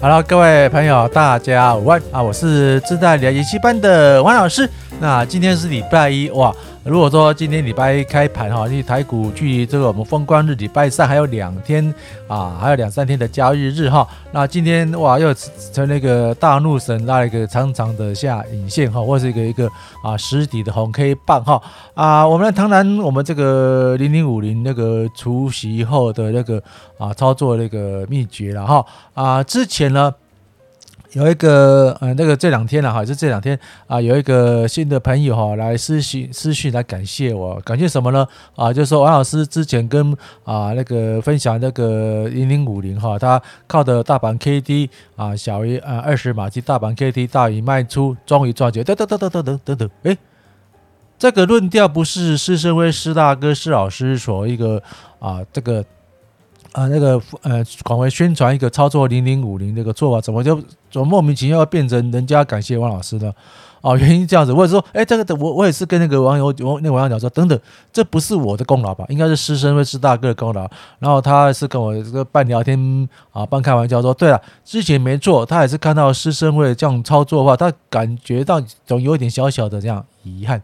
好了，Hello, 各位朋友，大家好啊！我是自在理財研習班的王老師。那今天是禮拜一，哇！如果說今天禮拜一開盤哈，因為台股距離這個我們封關日禮拜三還有兩天啊，還有兩三天的交易日哈、啊，那今天哇又成那個大怒神拉了一個長長的下影線哈，或是一個一個啊實體的紅 K 棒哈啊，我們來談談我們這個零零五零那個除息後的那個啊操作那個秘訣了哈啊，之前呢。有一個呃，那個這兩天了、啊、哈，就這兩天啊，有一個新的朋友哈、啊、來私訊私訊來感謝我，感謝什麼呢？啊，就是、說王老師之前跟啊那個分享那個零零五零哈，他靠的大盤 K D 啊小於啊二十買進，大盤 K D 大於賣出，終於賺錢，等等等等等等等等，哎、欸，這個論調不是施昇輝施大哥、施老師說一個啊這個。啊，那個呃，廣為宣傳一個操作零零五零這個做法，怎麼就怎麼莫名其妙變成人家感謝王老師呢？哦、啊，原因這樣子。我也說，哎、欸，這個的，我我也是跟那個網友我那個網友講說，等等，這不是我的功勞吧？應該是施昇輝施大哥的功勞。然後他是跟我這個半聊天啊，半開玩笑說，對了，之前沒做，他也是看到施昇輝這樣操作的話，他感覺到總有一點小小的這樣。遺憾，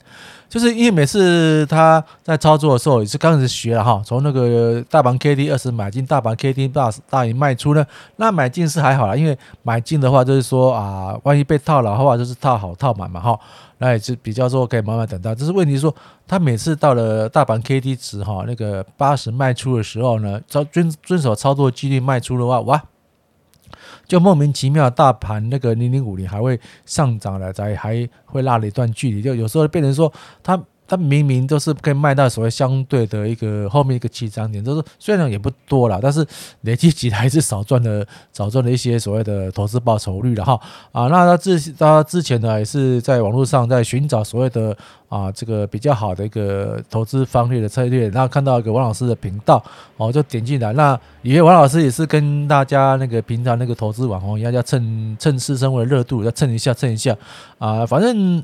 就是因為每次他在操作的時候也是剛開始學了哈，從那個大盤 K D 二十買進，大盤 K D 大大於賣出呢。那買進是還好啦，因為買進的話就是說啊，萬一被套牢的話，就是套好套滿嘛哈，那也是比較說可以慢慢等到。就是問題是說，他每次到了大盤 K D 值哈那個八十賣出的時候呢，操遵遵守操作紀律賣出的話，哇！就莫名其妙，大盤那個零零五零還會上漲了，再還會拉了一段距離，就有時候變成說他。他明明都是可以賣到所謂相對的一個後面一個起漲點，就是雖然也不多啦，但是累積起來還是少賺了少賺了一些所謂的投資報酬率了哈啊！那他之他之前呢也是在網絡上在尋找所謂的啊這個比較好的一個投資方略的策略，然後看到一個王老師的頻道哦，就點進來，那以為王老師也是跟大家那個平常那個投資網紅一樣，要蹭蹭生活的熱度，要蹭一下蹭一下啊，反正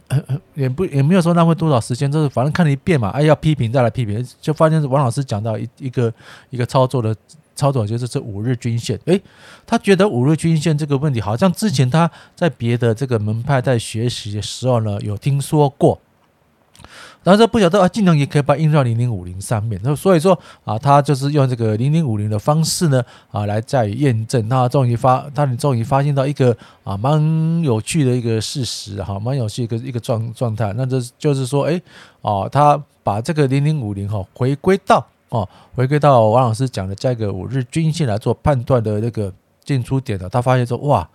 也不也沒有說浪費多少時間，就是。反正看了一遍嘛，哎，要批評再來批評，就發現王老師講到一一個一個操作的操作，就是這五日均線。哎，他覺得五日均線這個問題，好像之前他在別的這個門派在學習的時候呢，有聽說過。但這不曉得啊，盡量也可以把印到零零五零上面，那所以說啊，他就是用這個零零五零的方式呢啊來在驗證，他終於發，他終於發現到一個啊蠻有趣的一個事實哈，蠻有趣的一個一個狀狀態，那這就是說哎哦，他把這個零零五零哈回歸到哦回歸到王老師講的這個五日均線來做判斷的那個進出點，他發現說哇，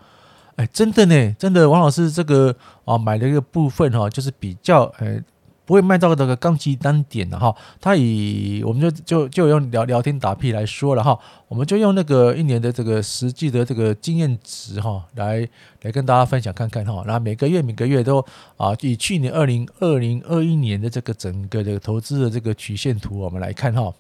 哎真的呢、欸，真的王老師這個啊買的一個部分哈就是比較哎。不會賣到這個高級單點的哈，它以我們就就就用聊聊天打屁來說了哈，我們就用那個一年的這個實際的這個經驗值哈來來跟大家分享看看哈，那每個月每個月都啊以去年二零二零二一年的這個整個這個投資的這個曲線圖我們來看哈，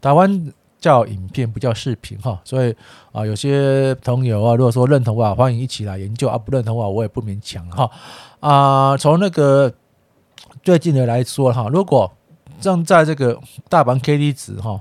台灣叫影片不叫視頻哈，所以啊有些朋友啊如果說認同的話，歡迎一起來研究啊，不認同的話我也不勉強哈啊從那個。最近的來說哈，如果正在這個大盤 K D 值哈，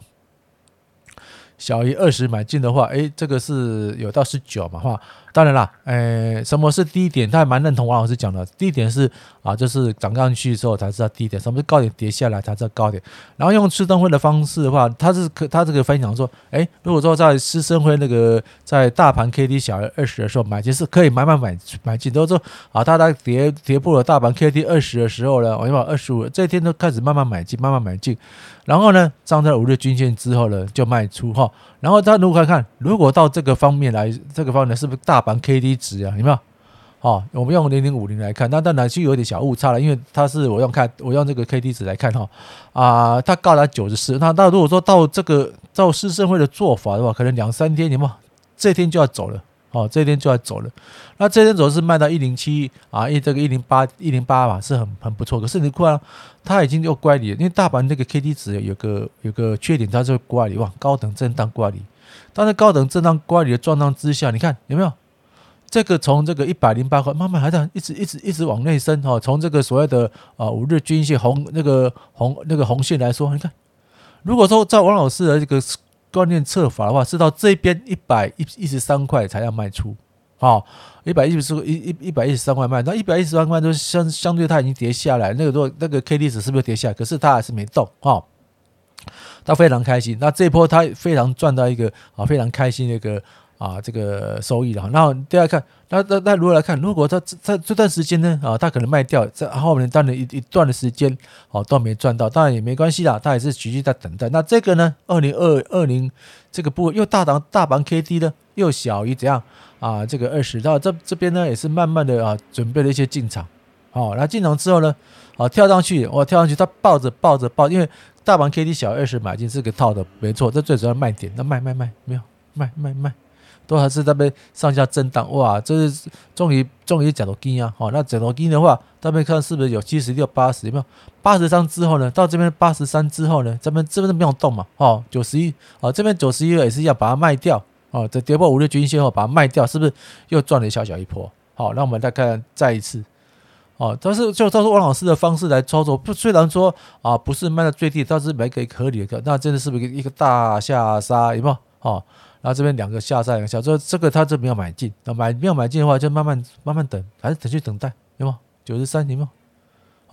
小於二十買進的話，誒，這個是有到十九嘛？哈，當然啦，誒、呃，什麼是低點？他還蠻認同王老師講的，低點是啊，就是漲上去之後才知道低點，什麼是高點？跌下來才知道高點。然後用施昇輝的方式的話，他是可他這個分享說，誒，如果說在施昇輝那個在大盤 K D 小於二十的時候買進是可以慢慢買買買買進，都說啊，當他跌跌破了大盤 K D 二十的時候呢，我就把二十五這一天都開始慢慢買進，慢慢買進。然後呢，站在五日均線之後呢，就賣出哈。然後他如果看，如果到這個方面來，這個方面是不是大盤 K D 值啊？有沒有？哈，我們用零零五零來看，那當然是有點小誤差了，因為它是我用看，我用這個 K D 值來看哈。啊、呃，它高達九十四，那那如果說到這個到施昇輝的做法的話，可能兩三天，你們這天就要走了。哦，這一天就要走了，那這一天走是賣到一零七啊，因為這個一零八一零八嘛，是很很不錯。可是你看，它已經又乖離了，因為大盤那個 K D 值有個有個缺點，它就乖離，往高等震盪乖離。但在高等震盪乖離的狀況之下，你看有沒有？這個從這個一百零八塊，慢慢還在一直一直一直往內升哈，從這個所謂的啊五日均線紅那個紅那個紅線來說，你看，如果說照王老師的這個。觀念策法的話，是到這邊一百一一十三塊才要賣出，好，一百一十三塊賣，那一百一十三塊就相相對它已經跌下來，那個多那個 K D 值是不是跌下來？可是它還是沒動，哦。它非常開心，那這波它非常賺到一個啊，非常開心的一個。啊，這個收益啦，哈，然後大家看，那那那如果來看，如果他這這這段時間呢，啊，他可能賣掉，在後面當然一一段的時間，哦，都沒賺到，當然也沒關係啦，他也是繼續在等待。那這個呢，二零二二零這個波又大漲，大盤 K D 呢又小於怎樣啊？這個二十，然後這這邊呢也是慢慢的啊準備了一些進場，好，那進場之後呢，好跳上去，我跳上去，他抱着抱着抱，因為大盤 K D 小於二十買進是個套的，沒錯，這最主要賣點，那賣賣賣，沒有賣賣賣，賣。都還是在那邊上下震盪哇！這是終於終於講到金啊！好、哦，那講到金的話，這邊看是不是有七十六、八十？沒有？八十三之後呢？到這邊八十三之後呢？這邊這邊沒有動嘛？哦，九十一啊，這邊九十一也是要把它賣掉啊。在、哦、跌破五日均線後把它賣掉，是不是又賺了一小小一波？好、哦，那我們再看再一次好、哦，但是就照照王老師的方式來操作，不雖然說啊不是賣到最低，但是買給合理的，那真的是不是一個大下殺？有沒有？好、哦。然後這邊兩個下殺，兩個下殺，這個他這沒有買進，啊，買沒有買進的話，就慢慢慢慢等，還是持續等待，有嗎？九十三，有嗎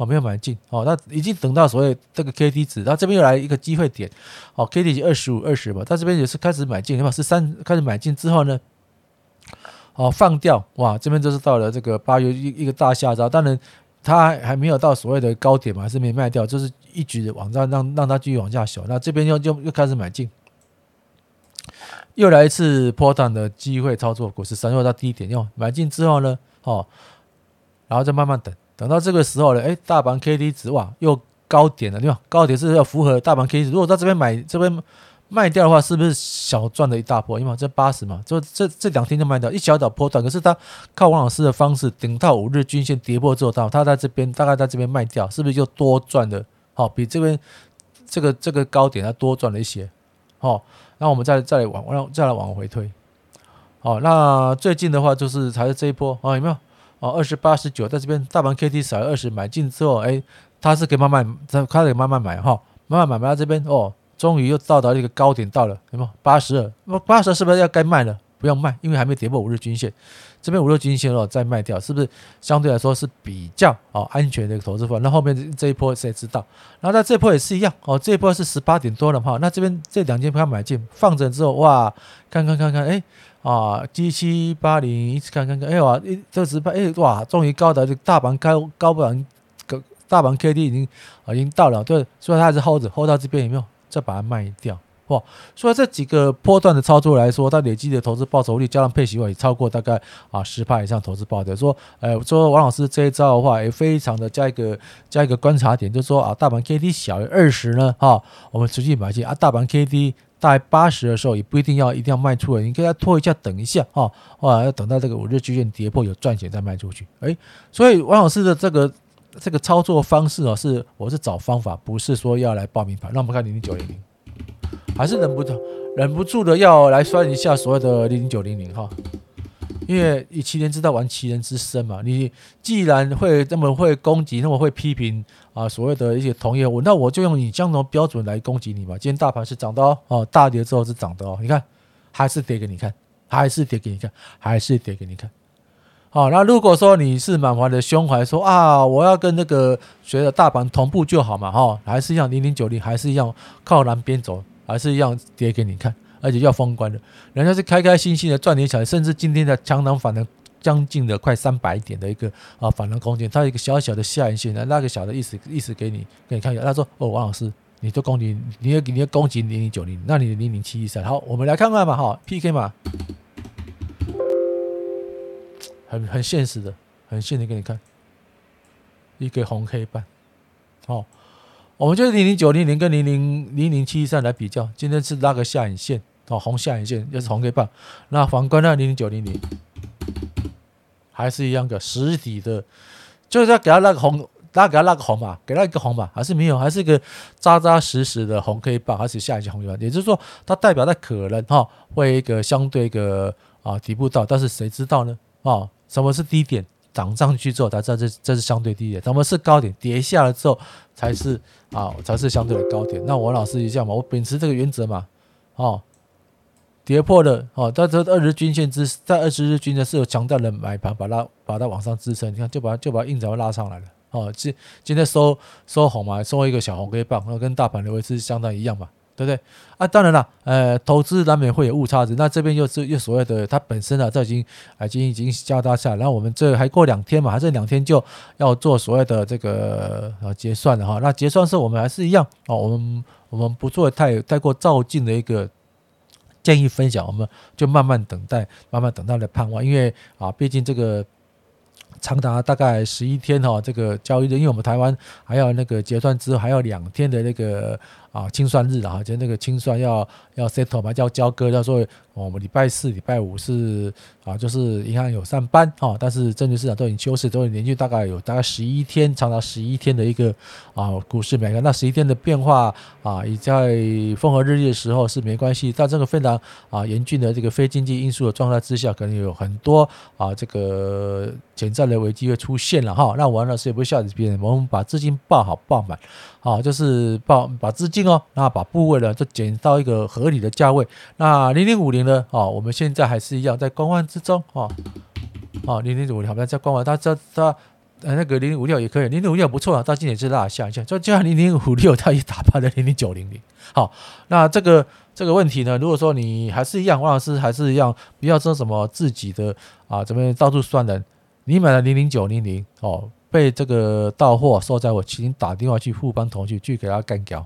有？哦，沒有買進，哦，那已經等到所謂這個 K D 值，它這邊又來一個機會點，哦，K D 值二十五二十吧，他這邊也是開始買進，有嗎？十三開始買進之後呢，哦，放掉，哇，這邊就是到了這個八月一一個大下殺，當然他還沒有到所謂的高點嘛，還是沒賣掉，就是一直往下讓讓他繼續往下走，那這邊又又又開始買進。又來一次波段，um、的機會操作，股市深入到低點，用買進之後呢，好，哦，然後再慢慢等，等到這個時候呢，哎，大盤 K D 值哇又高點了，你看高點是要符合大盤 K D 值，如果在這邊買，這邊賣掉的話，是不是小賺了一大波？因為這八十嘛，就這這兩天就賣掉，一小倒波段。可是他靠王老師的方式，頂到五日均線跌破之後，他在這邊大概在這邊賣掉，是不是就多賺了？好，哦，比這邊這個這個高點他多賺了一些，好，哦。那、啊、我們再再來往，再再來往回推，哦，那最近的話就是才是這一波啊，有沒有？哦二十八、十九，在這邊大盤 K T 小於二十買進之後，哎，它是可以慢慢它它可以慢慢買哈，慢、哦、慢買買到這邊哦，終於又到達一個高點到了，有沒有？八十二，那八十二是不是要該賣了？不要賣，因為還沒跌破五日均線，這邊五日均線哦，再賣掉，是不是相對來說是比較啊安全的一個投資方？那後面這一波誰知道？然後在這一波也是一樣哦，這一波是十八點多了哈，那這邊這兩千不要買進，放着之後，哇，看看看看，哎啊、呃、，g 七八零，一直看看看，看，哎哇，一這十八，哎哇，終於高達這個大盤高高不了，個大盤 K D 已經啊已經到了，對，所以他還是 hold 着，hold 到這邊有沒有，再把它賣掉。哇，哦、所以這幾個波段的操作來說，它累積的投資報酬率加上配息率，也超過大概啊十趴以上投資報酬。說，呃，說王老師這一招的話，也非常的加一個加一個觀察點，就是說啊，大盤 KD 小於二十呢，哈，我們持續買進啊；大盤 KD 大於八十的時候，也不一定要一定要賣出了，你可以再拖一下，等一下哈。哇，要等到這個五日均線跌破有賺錢再賣出去。誒，所以王老師的這個這個操作方式啊、哦，是我是找方法，不是說要來報明牌。那我們看零零九零。還是忍不住忍不住的要來算一下所謂的零零九零零哈，因為以其人之道玩其人之身嘛，你既然會那麼會攻擊，那麼會批評啊，所謂的一些同業，我那我就用你相同標準來攻擊你嘛。今天大盤是漲的哦，哦大跌之後是漲的哦，你看還是跌給你看，還是跌給你看，還是跌給你看。好、哦，那如果說你是滿懷的胸懷說啊，我要跟那個隨着大盤同步就好嘛，哈、哦，還是一樣零零九零，還是一樣靠南邊走。還是一樣跌給你看，而且要封關的。人家是開開心心的賺點小錢，甚至今天的強能反彈將近的快三百點的一個啊反彈空間。它一個小小的下影線，那個小的意思意思給你給你看一下。他說：“哦，王老師，你就攻擊，你要你要攻擊零零九零，那你零零七一三。”好，我們來看看嘛，哈，PK 嘛，很很現實的，很現實給你看，一個紅 K 棒，好、哦。我們就是零零九零零跟零零七一三來比較，今天是拉個下影線，啊紅下影線，又是紅 K 棒，那反觀那零零九零零還是一樣的實體的，就是要給他那個紅，拉給他那個紅吧，給它一個紅吧，還是沒有，還是一個扎扎實實的紅 K 棒，還是下影線紅 K 棒，也就是說它代表它可能哈會一個相對一個啊底部到，但是誰知道呢？啊，什麼是低點？漲上去之後，它這這這是相對低的，咱們是高點，跌下來之後才是啊，才是相對的高點。那我老師一下嘛，我秉持這個原則嘛，哦，跌破了哦，它這二十均線之在二十日均線是有強大的買盤把它把它往上支撐，你看就把它就把它硬着要拉上來了，哦，今今天收收紅嘛，收一個小紅 K 棒，那跟大盤的位置相當一樣嘛。對不對啊？當然了，呃，投資難免會有誤差值。那這邊又是又所謂的它本身啊，這已經啊已經已經加大下來。然那我們這還過兩天嘛，還這兩天就要做所謂的這個、啊、結算了。哈。那結算是，我們還是一樣、啊、我們我們不做太太過躁進的一個建議分享，我們就慢慢等待，慢慢等待的盼望。因為啊，畢竟這個長達大概十一天哈、啊，這個交易日，因為我們台灣還要那個結算之後還要兩天的那個。啊，清算日了哈，今天那個清算要要 settle 嘛，叫交割，叫做我們禮拜四、禮拜五是啊，就是銀行有上班哈、啊，但是證券市場都已經休市，都會連續大概有大概十一天，長達十一天的一個啊股市沒了，那十一天的變化啊，也在風和日麗的時候是沒關係，但這個非常啊嚴峻的這個非經濟因素的狀態之下，可能有很多啊這個潛在的危機會出現了哈。那王老師也不會笑的，別人我們把資金報好報滿，好就是報把資金。哦，那把部位呢，就減到一個合理的價位。那零零五零呢？哦，我們現在還是一樣在觀望之中。哈，啊，零零五零好像在觀望，他他它、哎、那個零零五六也可以，零零五六不錯啊，他今年是大下一下就就按零零五六他也打到的零零九零零。好，那這個這個問題呢，如果說你還是一樣，王老師還是一樣不要說什麼自己的啊，怎麼到處算呢？你買了零零九零零哦，被這個到貨收在我請你打電話去富邦同去，去給他幹掉。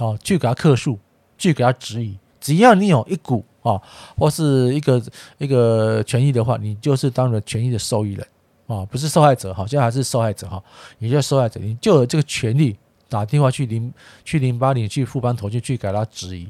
哦，去給他客訴，去給他質疑，只要你有一股啊，或是一個一個權益的話，你就是當然權益的受益人啊，不是受害者哈，現在還是受害者哈，你是受害者，你就有這個權利打電話去零去零八年去復盤頭，就去給他質疑，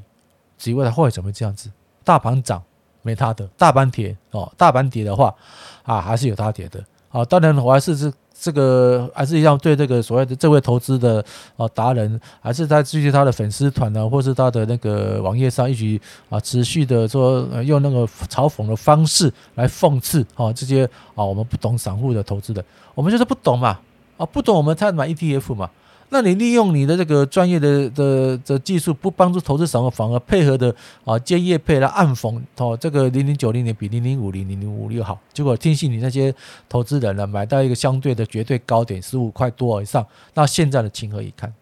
質疑他為何會這樣子，大盤漲沒他的，大盤跌哦，大盤跌的話啊，還是有他跌的啊，當然我還是是。這個還是一樣，對這個所謂的這位投資的啊達人，還是在繼續他的粉絲團呢、啊，或是他的那個網頁上，一直啊持續的說用那個嘲諷的方式來諷刺啊這些啊我們不懂散戶的投資的，我們就是不懂嘛，啊不懂我們才買 ETF 嘛。那你利用你的這個專業的的的技術，不幫助投資什麼，反而配合的啊，建業配來、啊、暗諷，哦，這個零零九零零比零零五零零零五六好，結果聽信你那些投資人呢、啊，買到一個相對的絕對高點十五塊多以上，那現在的情何以堪、哦？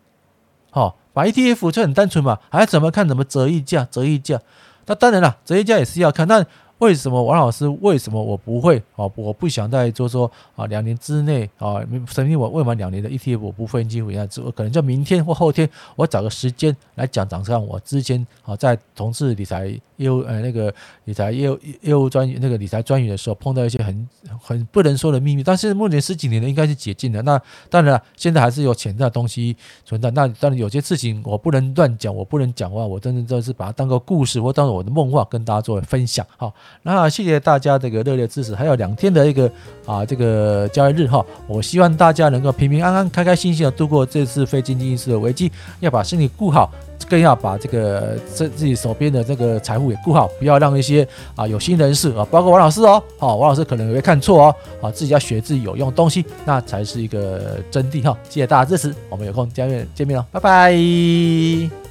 好，買 ETF 就很單純嘛，還怎麼看怎麼折溢價，折溢價，那當然了，折溢價也是要看，那。為什麼王老師？為什麼我不會、啊？我不想在就是說啊，兩年之內啊，成立我未滿兩年的 ETF，我不分析未來，可能就明天或後天，我找個時間來講，講上我之前啊，在同事理財。業務呃，那個理財業務業務專那個理財專員的時候，碰到一些很很不能說的秘密，但是目前十幾年呢，應該是解禁了。那當然現在還是有潛在的東西存在。那當然有些事情我不能亂講，我不能講話，我真的就是把它當個故事或當我的夢話跟大家做分享哈。那謝謝大家這個熱烈支持，還有兩天的一個啊這個交易日哈，我希望大家能夠平平安安、開開心心的度過這次非經濟因素的危機，要把身體顧好。更要把這個自自己手邊的這個財富給顧好，不要讓一些啊有心人士啊，包括王老師哦，好、哦，王老師可能也會看錯哦，好、啊，自己要學自己有用的東西，那才是一個真諦哈、哦，謝謝大家的支持，我們有空見面見面了，拜拜。